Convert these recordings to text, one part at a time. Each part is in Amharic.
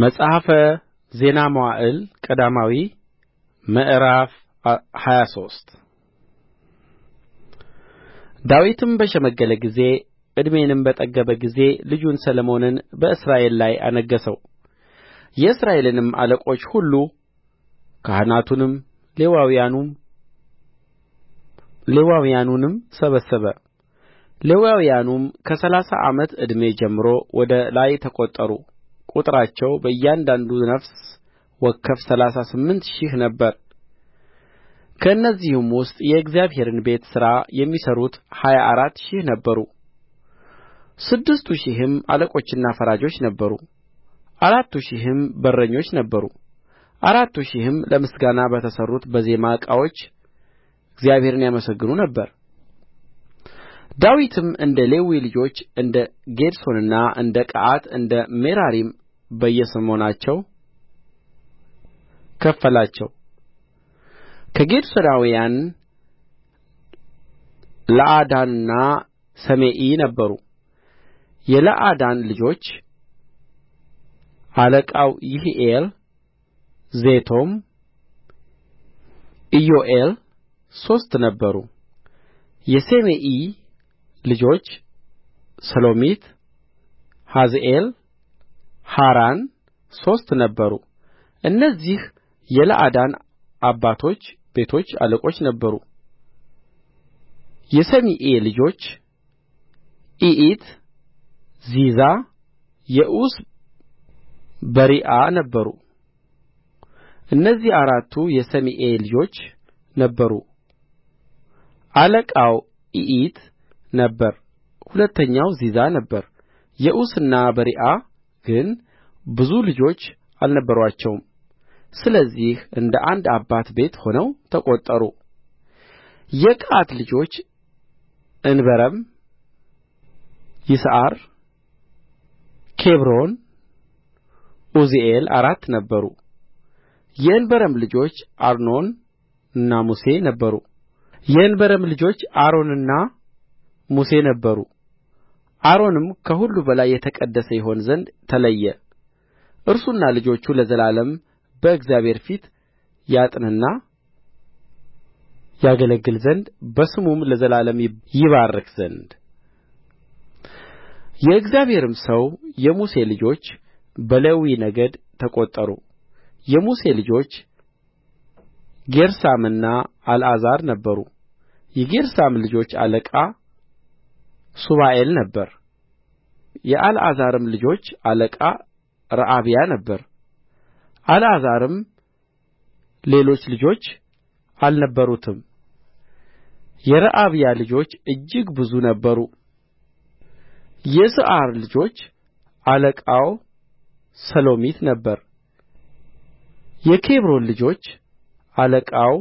መጽሐፈ ዜና መዋዕል ቀዳማዊ ምዕራፍ ሃያ ሶስት ዳዊትም በሸመገለ ጊዜ ዕድሜንም በጠገበ ጊዜ ልጁን ሰሎሞንን በእስራኤል ላይ አነገሠው። የእስራኤልንም አለቆች ሁሉ ካህናቱንም ሌዋውያኑም ሌዋውያኑንም ሰበሰበ። ሌዋውያኑም ከሠላሳ ዓመት ዕድሜ ጀምሮ ወደ ላይ ተቈጠሩ። ቍጥራቸው በእያንዳንዱ ነፍስ ወከፍ ሠላሳ ስምንት ሺህ ነበረ ከእነዚህም ውስጥ የእግዚአብሔርን ቤት ሥራ የሚሠሩት ሀያ አራት ሺህ ነበሩ ስድስቱ ሺህም አለቆችና ፈራጆች ነበሩ አራቱ ሺህም በረኞች ነበሩ አራቱ ሺህም ለምስጋና በተሠሩት በዜማ ዕቃዎች እግዚአብሔርን ያመሰግኑ ነበር ዳዊትም እንደ ሌዊ ልጆች እንደ ጌድሶንና እንደ ቀዓት እንደ ሜራሪም በየሰሞናቸው ከፈላቸው ከጌድሶናውያን ለአዳንና ሰሜኢ ነበሩ የለአዳን ልጆች አለቃው ይሒኤል፣ ዜቶም፣ ኢዮኤል ሦስት ነበሩ። የሰሜኢ ልጆች ሰሎሚት፣ ሐዝኤል፣ ሐራን ሦስት ነበሩ እነዚህ የለአዳን አባቶች ቤቶች አለቆች ነበሩ የሰሜኢ ልጆች ኢኢት ዚዛ የዑስ በሪዓ ነበሩ እነዚህ አራቱ የሰሜኢ ልጆች ነበሩ አለቃው ኢኢት ነበረ ሁለተኛው ዚዛ ነበረ የዑስና በሪዓ ግን ብዙ ልጆች አልነበሩአቸውም ስለዚህ እንደ አንድ አባት ቤት ሆነው ተቈጠሩ የቀዓት ልጆች እንበረም ይስዓር ኬብሮን ዑዝኤል አራት ነበሩ የእንበረም ልጆች አርኖንና ሙሴ ነበሩ የእንበረም ልጆች አሮንና ሙሴ ነበሩ አሮንም ከሁሉ በላይ የተቀደሰ ይሆን ዘንድ ተለየ እርሱና ልጆቹ ለዘላለም በእግዚአብሔር ፊት ያጥንና ያገለግል ዘንድ በስሙም ለዘላለም ይባርክ ዘንድ የእግዚአብሔርም ሰው የሙሴ ልጆች በሌዊ ነገድ ተቈጠሩ የሙሴ ልጆች ጌርሳምና አልዓዛር ነበሩ የጌርሳም ልጆች አለቃ ሱባኤል ነበረ የአልዓዛርም ልጆች አለቃ ረዓብያ ነበረ አልዓዛርም ሌሎች ልጆች አልነበሩትም የረዓብያ ልጆች እጅግ ብዙ ነበሩ የይስዓር ልጆች አለቃው ሰሎሚት ነበረ የኬብሮን ልጆች አለቃው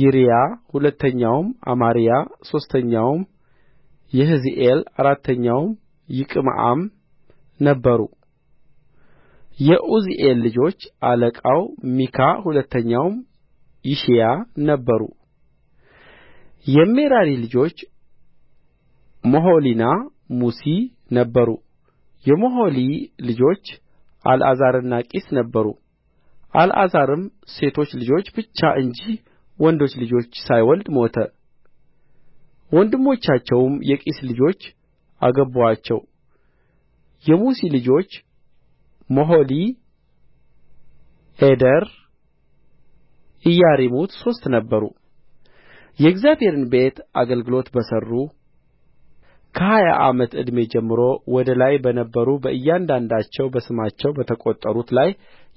ይሪያ ሁለተኛውም አማርያ ሦስተኛውም የሕዚኤል አራተኛው ይቅምዓም ነበሩ የዑዝኤል ልጆች አለቃው ሚካ ሁለተኛው ይሺያ ነበሩ የሜራሪ ልጆች ሞሖሊና ሙሲ ነበሩ የሞሖሊ ልጆች አልዓዛርና ቂስ ነበሩ አልዓዛርም ሴቶች ልጆች ብቻ እንጂ ወንዶች ልጆች ሳይወልድ ሞተ ወንድሞቻቸውም የቂስ ልጆች አገቡአቸው የሙሲ ልጆች ሞሖሊ ዔደር ኢያሪሙት ሦስት ነበሩ የእግዚአብሔርን ቤት አገልግሎት በሠሩ ከሀያ ዓመት ዕድሜ ጀምሮ ወደ ላይ በነበሩ በእያንዳንዳቸው በስማቸው በተቈጠሩት ላይ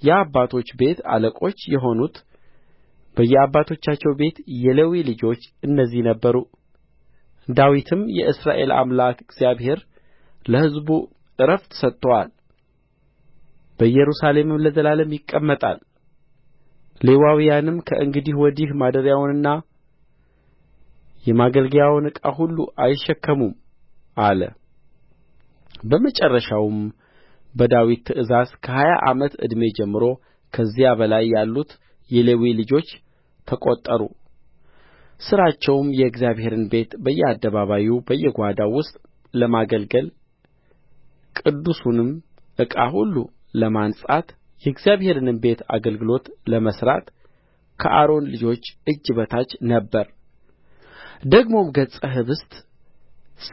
የአባቶች ቤት አለቆች የሆኑት በየአባቶቻቸው ቤት የሌዊ ልጆች እነዚህ ነበሩ ዳዊትም የእስራኤል አምላክ እግዚአብሔር ለሕዝቡ ዕረፍት ሰጥቶአል በኢየሩሳሌምም ለዘላለም ይቀመጣል ሌዋውያንም ከእንግዲህ ወዲህ ማደሪያውንና የማገልገያውን ዕቃ ሁሉ አይሸከሙም አለ በመጨረሻውም በዳዊት ትእዛዝ ከሀያ ዓመት ዕድሜ ጀምሮ ከዚያም በላይ ያሉት የሌዊ ልጆች ተቈጠሩ ሥራቸውም የእግዚአብሔርን ቤት በየአደባባዩ በየጓዳው ውስጥ ለማገልገል ቅዱሱንም ዕቃ ሁሉ ለማንጻት የእግዚአብሔርንም ቤት አገልግሎት ለመሥራት ከአሮን ልጆች እጅ በታች ነበረ ደግሞም ገጸ ኅብስት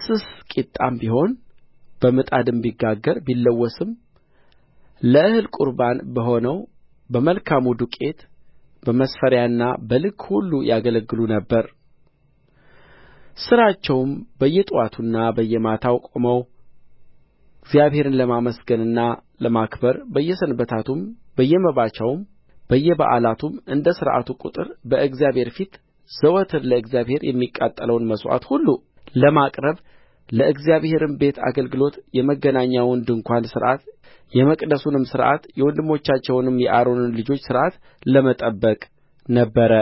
ስስ ቂጣም ቢሆን በምጣድም ቢጋገር ቢለወስም ለእህል ቍርባን በሆነው በመልካሙ ዱቄት በመስፈሪያና በልክ ሁሉ ያገለግሉ ነበር ሥራቸውም በየጥዋቱና በየማታው ቆመው እግዚአብሔርን ለማመስገንና ለማክበር በየሰንበታቱም በየመባቻውም በየበዓላቱም እንደ ሥርዓቱ ቍጥር በእግዚአብሔር ፊት ዘወትር ለእግዚአብሔር የሚቃጠለውን መሥዋዕት ሁሉ ለማቅረብ ለእግዚአብሔርም ቤት አገልግሎት የመገናኛውን ድንኳን ሥርዓት የመቅደሱንም ሥርዓት የወንድሞቻቸውንም የአሮንን ልጆች ሥርዓት ለመጠበቅ ነበረ